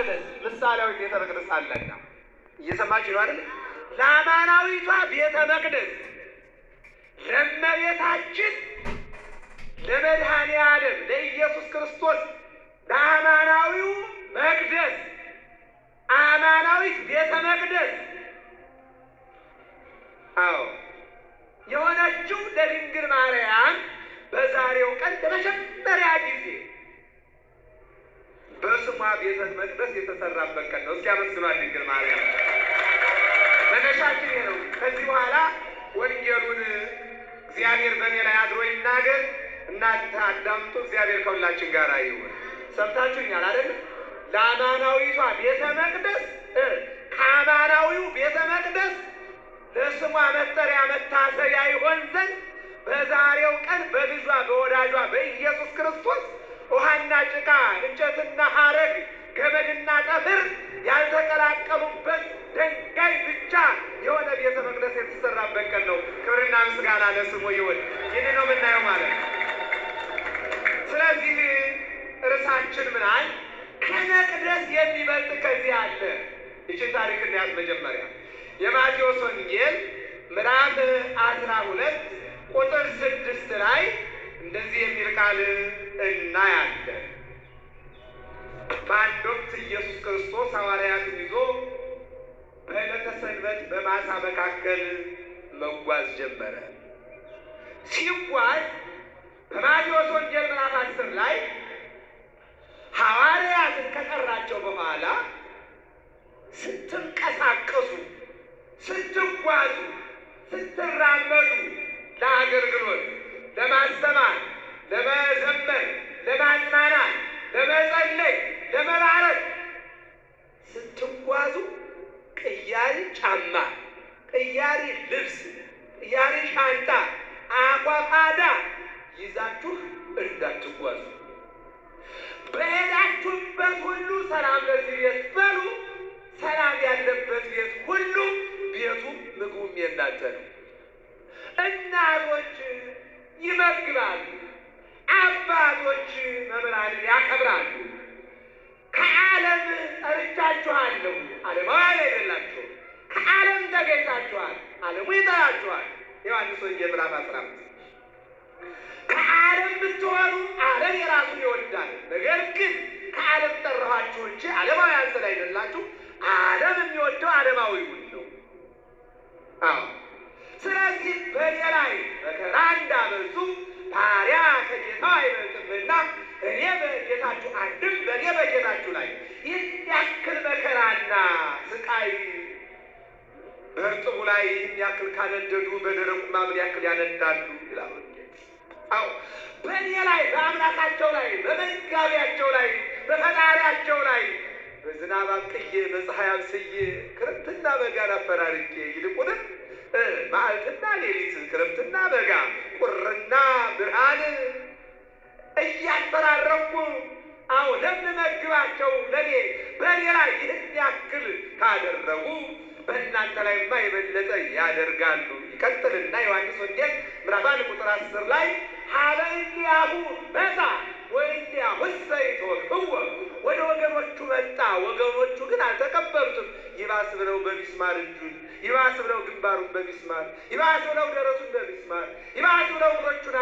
መቅደስ ምሳሌያዊ ቤተ መቅደስ አለና እየሰማችሁ ነው አይደል? ለአማናዊቷ ቤተ መቅደስ ለእመቤታችን ለመድኃኔ ዓለም ለኢየሱስ ክርስቶስ ለአማናዊው መቅደስ አማናዊት ቤተ መቅደስ አዎ የሆነችው ለድንግል ማርያም በዛሬው ቀን ለመጀመሪያ ጊዜ በስሟ ቤተ መቅደስ የተሰራበት ቀን ነው። እስኪ አመስግኗት ድንግል ማርያም። መነሻችን ነው። ከዚህ በኋላ ወንጌሉን እግዚአብሔር በእኔ ላይ አድሮ ይናገር። እናንተ አዳምጡ። እግዚአብሔር ከሁላችን ጋር ይሁን። ሰምታችሁኛል አይደል? ለአማናዊቷ ቤተ መቅደስ ከአማናዊው ቤተ መቅደስ ለስሟ መጠሪያ መታሰቢያ ይሆን ዘንድ በዛሬው ቀን በልጇ በወዳጇ በኢየሱስ ክርስቶስ ውሃና ጭቃ፣ እንጨትና ሐረግ፣ ገመድና ጠፍር ያልተቀላቀሉበት ድንጋይ ብቻ የሆነ ቤተ መቅደስ የተሰራበት ቀን ነው። ክብርና ምስጋና ለስሙ ይሁን። ይህን ነው የምናየው ማለት ነው። ስለዚህ እርሳችን ምናል ከመቅደስ የሚበልጥ ከዚህ አለ። ይቺ ታሪክ እናያት። መጀመሪያ የማቴዎስ ወንጌል ምዕራፍ አስራ ሁለት ቁጥር ስድስት ላይ እንደዚህ የሚል ቃል እናያለን። በአንድ ወቅት ኢየሱስ ክርስቶስ ሐዋርያትን ይዞ በዕለተ ሰንበት በማሳ መካከል መጓዝ ጀመረ። ሲጓዝ በማቴዎስ ወንጌል ምዕራፍ አስር ላይ ሐዋርያትን ከጠራቸው በኋላ ስትንቀሳቀሱ፣ ስትጓዙ፣ ስትራመዱ ለአገልግሎት ለማስተማር ለመዘመር፣ ለማጽናናት፣ ለመጸለይ፣ ለመባረክ ስትጓዙ ቅያሪ ጫማ፣ ቅያሪ ልብስ፣ ቅያሪ ሻንጣ፣ አቋፋዳ ይዛችሁ እንዳትጓዙ በሄዳችሁበት ሁሉ ሰላም ለዚህ ቤት በሉ። ሰላም ያለበት ቤት ሁሉ ቤቱ ምግቡም የእናንተ ነው። እናቶች ይመግባሉ። አባቶች መምህራን ያከብራሉ። ከዓለም ጠርቻችኋለሁ፣ ዓለማውያን አይደላችሁ። ከዓለም ተገኝታችኋል፣ ዓለሙ ይጠራችኋል። ዮሐንስ ወንጌል ምዕራፍ አስራ አምስት ከዓለም ብትሆኑ ዓለም የራሱን ይወዳል። ነገር ግን ከዓለም ጠራኋችሁ እንጂ ዓለማውያን ስላይደላችሁ ዓለም የሚወደው ዓለማዊውን ነው። አዎ ስለዚህ በኔ ላይ መከራ እንዳበዙ ባሪያ ከጌታው አይበልጥምና እኔ በጌታችሁ አንድም በእኔ በጌታችሁ ላይ ይህ ያክል መከራና ስቃይ በእርጥቡ ላይ ይህን ያክል ካነደዱ በደረቁ ምን ያክል ያነዳሉ ይላሉ። አዎ በእኔ ላይ በአምላካቸው ላይ በመጋቢያቸው ላይ በፈጣሪያቸው ላይ በዝናብ አብቅዬ በፀሐይ አብስዬ ክረምትና በጋን አፈራርቄ ይልቁንም ማዕትና ሌሊትን ክረምትና በጋ፣ ቁርና ብርሃን እያንጠራረኩ አሁ ለምመግባቸው ለኔ በእኔ ላይ ይህን ያክል ካደረጉ በእናንተ ላይማ የበለጠ ያደርጋሉ። ይቀጥልና ዮሐንስ ወንጌል ምዕራፍ አንድ ቁጥር አስር ላይ ሀበ በዛ መጣ ሁሰይቶ ህወ ወደ ወገኖቹ መጣ፣ ወገኖቹ ግን አልተቀበሉትም። ይባስ ብለው በሚስማር እጁን፣ ይባስ ብለው ግንባሩን በሚስማር፣ ይባስ ብለው ደረቱን በሚስማር፣ ይባስ ብለው እግሮቹን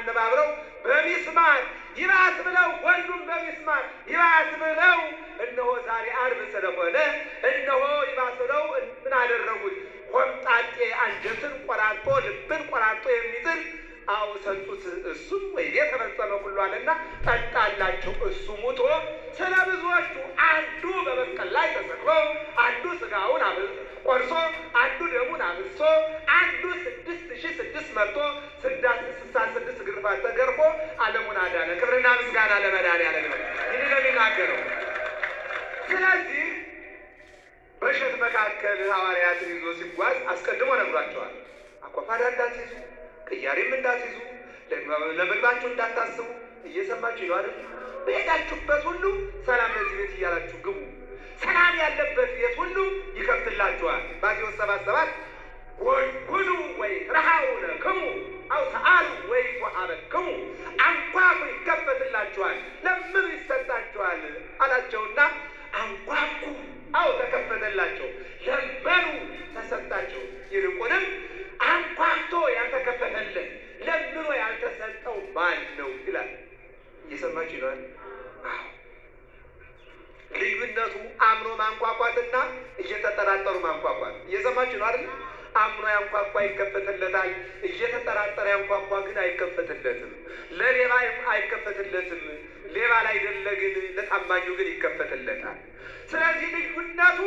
አነባብረው በሚስማር፣ ይባስ ብለው ወንዱን በሚስማር፣ ይባስ ብለው እሱም ወይቤ ተፈጸመ ኩሉ አለና ጠጣላችሁ። እሱ ሙቶ ስለ ብዙዎቹ አንዱ በመስቀል ላይ ተሰቅሎ፣ አንዱ ስጋውን ቆርሶ፣ አንዱ ደሙን አብሶ፣ አንዱ ስድስት ሺ ስድስት መቶ ስድሳ ስድስት ግርፋት ተገርፎ ዓለሙን አዳነ። ክብርና ምስጋና ለመድኃኒዓለም ነው። ይህ ስለዚህ በእሸት መካከል ሐዋርያትን ይዞ ሲጓዝ አስቀድሞ ነግሯቸዋል። አኳፋዳ እንዳትይዙ፣ ቅያሬም እንዳትይዙ ለምግባችሁ እንዳታስቡ እየሰማችሁ ነው አይደል? በሄዳችሁበት ሁሉ ሰላም ለዚህ ቤት እያላችሁ ግቡ። ሰላም ያለበት ቤት ሁሉ ይከፍትላችኋል። ማቴዎስ ሰባት ሰባት ሁሉ ወይ ረሃውነ ክሙ አው ሰአሉ ወይ ወአበክሙ አንኳኩ ይከፈትላችኋል፣ ለምኑ ይሰጣችኋል አላቸውና አንኳኩ አው ተከፈተላቸው፣ ለመኑ ተሰጣቸው። ይልቁንም ይከፈትለታል። እየተጠራጠረ ያንኳኳ ግን አይከፈትለትም። ለሌባ አይከፈትለትም። ሌባ ላይ ደለ ግን ለታማኙ ግን ይከፈትለታል። ስለዚህ ልዩነቱ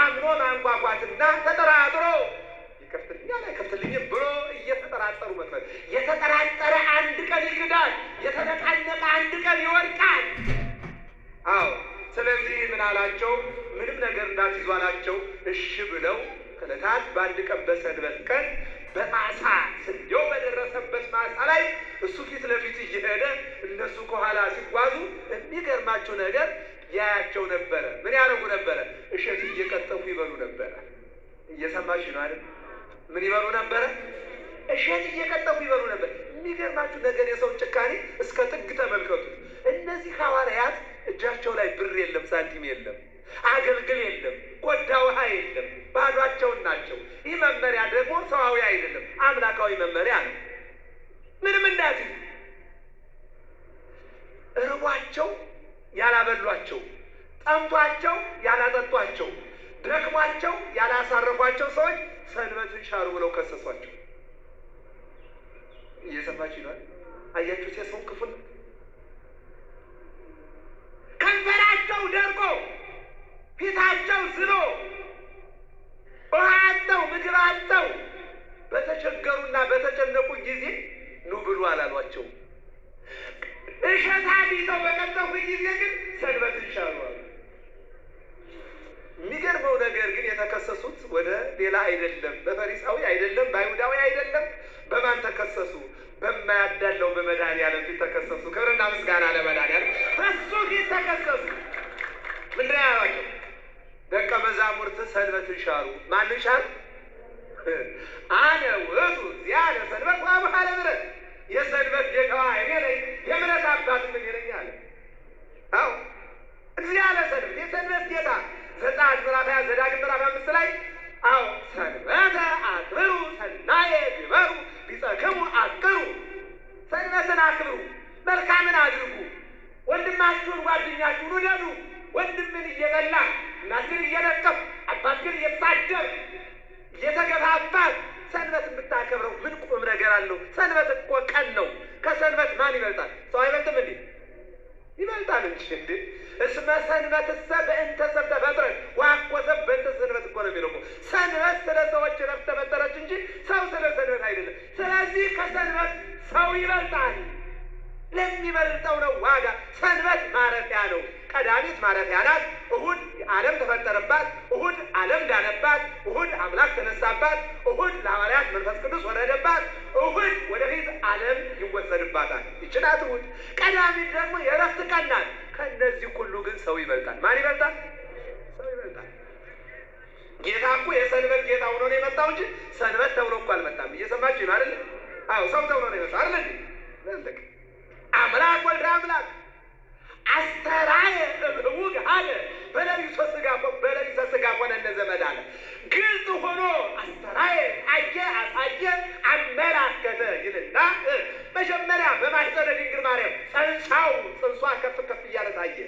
አምኖ ማንኳኳትና ተጠራጥሮ ይከፍትልኛል አይከፍትልኝም ብሎ እየተጠራጠሩ መክፈት። የተጠራጠረ አንድ ቀን ይግዳል። የተነቃነቀ አንድ ቀን ይወድቃል። አዎ። ስለዚህ ምን አላቸው? ምንም ነገር እንዳትይዟላቸው እሺ ብለው ዕለታት በአንድ ቀን በሰንበት ቀን በማሳ ስንዴው በደረሰበት ማሳ ላይ እሱ ፊት ለፊት እየሄደ እነሱ ከኋላ ሲጓዙ የሚገርማቸው ነገር ያያቸው ነበረ። ምን ያደርጉ ነበረ? እሸት እየቀጠፉ ይበሉ ነበረ። እየሰማሽ ነው አይደል? ምን ይበሉ ነበረ? እሸት እየቀጠፉ ይበሉ ነበር። የሚገርማችሁ ነገር የሰውን ጭካኔ እስከ ጥግ ተመልከቱ። እነዚህ ሐዋርያት እጃቸው ላይ ብር የለም፣ ሳንቲም የለም፣ አገልግል የለም ያየችሁት የሰው ክፍል ከንፈራቸው ደርቆ ፊታቸው ዝሎ ውሃቸው ምግባቸው በተቸገሩና በተጨነቁ ጊዜ ኑ ብሉ አላሏቸው። እሸታ አግኝተው በቀጠፉ ጊዜ ግን ሰንበት ይሻሉ። የሚገርመው ነገር ግን የተከሰሱት ወደ ሌላ አይደለም፣ በፈሪሳዊ አይደለም፣ በአይሁዳዊ አይደለም። በማን ተከሰሱ? የማያዳለው በመድኃኒዓለም ፊት ተከሰሱ። ክብርና ምስጋና ለመድኃኒዓለም። እሱ ፊት ተከሰሱ። ምንድን ያሏቸው ደቀ መዛሙርት ሰንበትን ሻሩ። ማንን ሻሩ? አነ ውእቱ ዚአነ ሰንበት ወአብርሃ ምረት የሰንበት ጌታዋ እኔ ነኝ፣ የምረት አባት ምን ነኝ። ግን እየነቀፍ አባት ግን እየታደር እየተገፋባት ሰንበት የምታከብረው ምን ቁም ነገር አለው? ሰንበት እኮ ቀን ነው። ከሰንበት ማን ይበልጣል? ሰው አይበልጥም እንዴ? ይበልጣል እንጂ እንዴ። እስመ ሰንበት እሰ በእንተ ሰብ ተፈጥረት ዋኮ ሰብ በእንተ ሰንበት እኮ ነው የሚለው ሰንበት ስለ ሰዎች ረፍት ተፈጠረች እንጂ ሰው ስለ ሰንበት አይደለም። ስለዚህ ከሰንበት ሰው ይበልጣል። ለሚበልጠው ነው ዋጋ። ሰንበት ማረፊያ ነው። ቀዳሚት ማረፊያ ናት። እሁድ ዓለም ተፈጠረባት፣ እሁድ ዓለም ዳነባት፣ እሁድ አምላክ ተነሳባት፣ እሁድ ለሐዋርያት መንፈስ ቅዱስ ወረደባት፣ እሁድ ወደፊት ዓለም ይወሰድባታል። ይችናት እሁድ። ቀዳሚ ደግሞ የረፍት ቀን ናት። ከእነዚህ ሁሉ ግን ሰው ይበልጣል። ማን ይበልጣል? ሰው ይበልጣል። ጌታ እኮ የሰንበት ጌታ ሆኖ ነው የመጣው እንጂ ሰንበት ተብሎ እኮ አልመጣም። እየሰማችሁ ነው አይደል? አዎ ሰው ተብሎ ነው የመጣው አይደል? ትልቅ አምላክ ወልደ አምላክ አስተራየ እብውግ አለ በሌሊት ስጋ በሌሊት ስጋ ሆነ እንደ ዘመድ አለ። ግልጽ ሆኖ አስተራየ አየ አሳየ አመላከተ ይልና መጀመሪያ በማኅፀነ ድንግል ማርያም ጸንሳው ጽንሷ ከፍ ከፍ እያለ ታየ።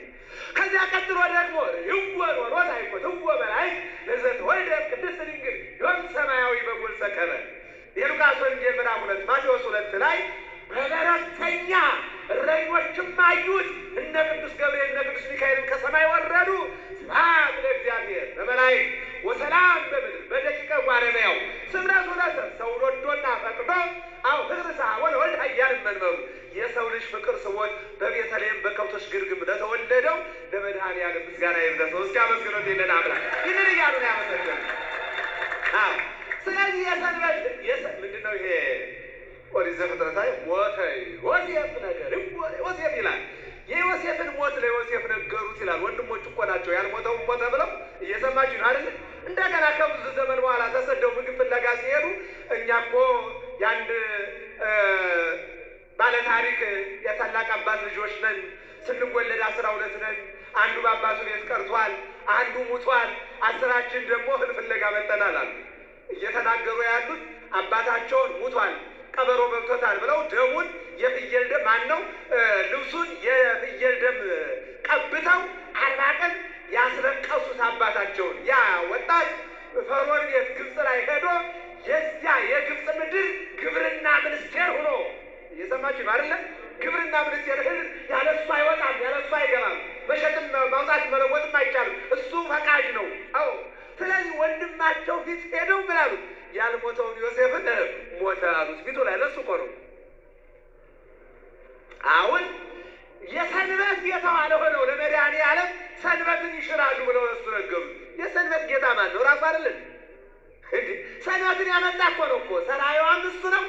ከዚያ ቀጥሎ ደግሞ ይወር ወሮት የሰው ልጅ ፍቅር ስሞት በቤተልሔም በከብቶች ግርግም ለተወለደው ለመድኃኔዓለም ምስጋና ይብዛ። ሰው እስኪ አመስግኖት የለን አምላክ ይህንን እያሉ ነው ያመሰግን። ስለዚህ የሰንበት ምንድን ነው ይሄ ኦሪት ዘፍጥረት ላይ ሞተ ዮሴፍ ነገር ዮሴፍ ይላል። የዮሴፍን ሞት ለዮሴፍ ነገሩት ይላል። ወንድሞች እኮ ናቸው ያልሞተው ሞተ ብለው እየሰማችሁ ነው አይደል? እንደገና ከብዙ ዘመን በኋላ ተሰደው ምግብ ፍለጋ ሲሄዱ እኛ እኮ የአንድ ባለ ታሪክ የታላቅ አባት ልጆች ነን። ስንወለድ አስራ ሁለት ነን። አንዱ በአባቱ ቤት ቀርቷል፣ አንዱ ሙቷል፣ አስራችን ደግሞ እህል ፍለጋ መጠናል አሉ። እየተናገሩ ያሉት አባታቸውን ሙቷል፣ ቀበሮ በብቶታል ብለው ደሙን የፍየል ደም ማነው ልብሱን የ ነው። አዎ ስለዚህ ወንድማቸው ፊት ሄደው ምን አሉት? ያልሞተውን ዮሴፍን ሞተ አሉት። ፊቱ ላይ ለሱ እኮ ነው። አሁን የሰንበት የተዋለ ሆነው ለመድኃኔ ዓለም ሰንበትን ይሽራሉ ብለው ለሱ ነገሩ። የሰንበት ጌታ ማን ነው? ራሱ አይደለን? ሰንበትን ያመጣ እኮ ነው እኮ ሰራዩ አምስቱ ነው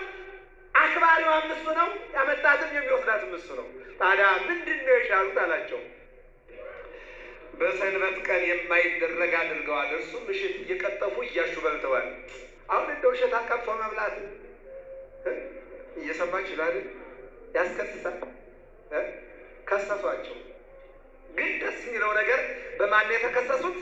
አክባሪው አምስቱ ነው። ያመጣትም የሚወስዳትም እሱ ነው። ታዲያ ምንድን ነው የሻሉት አላቸው። በሰንበት ቀን የማይደረግ አድርገዋል። እርሱ ምሽት እየቀጠፉ እያሹ በልተዋል። አሁን እንደ ውሸት አቀፎ መብላት እየሰማች ይላል ያስከስሳል። ከሰሷቸው። ግን ደስ የሚለው ነገር በማን የተከሰሱት?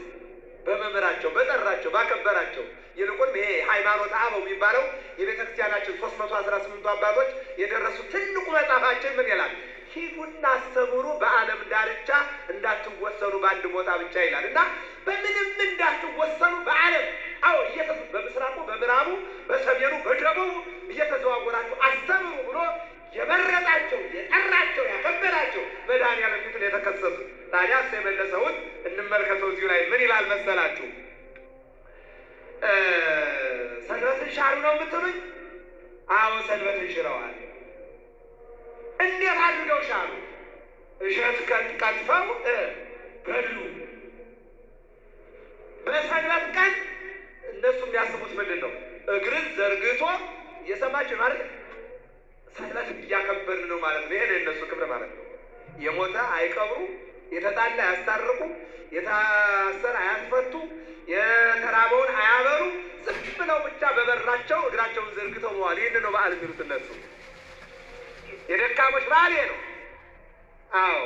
በመምህራቸው፣ በጠራቸው፣ ባከበራቸው። ይልቁን ይሄ ሃይማኖት አበው የሚባለው የቤተክርስቲያናችን ሶስት መቶ አስራ ስምንቱ አባቶች የደረሱ ትልቁ መጽሐፋችን ምን ይላል? ሂዱና አስተምሩ፣ በዓለም ዳርቻ እንዳትወሰኑ በአንድ ቦታ ብቻ ይላል እና በምንም እንዳትወሰኑ በዓለም አዎ፣ በምስራቁ፣ በምዕራቡ፣ በሰሜኑ፣ በደቡቡ እየተዘዋወራችሁ አስተምሩ ብሎ የመረጣቸው የጠራቸው ያከበራቸው መድኃኒዓለም ፊት ነው የተከሰሱ። ታዲያ እሱ የመለሰውን እንመልከተው። እዚሁ ላይ ምን ይላል መሰላችሁ? ሰንበትን ሻሩ ነው የምትሉኝ? አዎ ሰንበትን ሽረዋል። እንዴት አድርገው ሻሉ? እሸት ቀጥፈው በሉ። በሰንበት ቀን እነሱ የሚያስቡት ምንድን ነው? እግርን ዘርግቶ የሰማችሁ ማለት ሰንበት እያከበርን ነው ማለት ነው። ይሄ የእነሱ ክብር ማለት ነው። የሞተ አይቀብሩ፣ የተጣላ አያስታርቁ፣ የታሰረ አያስፈቱ፣ የተራበውን አያበሩ። ዝም ብለው ብቻ በበራቸው እግራቸውን ዘርግተው መዋል። ይህን ነው በዓል የሚሉት እነሱ። የደካሞች ባህል ነው። አዎ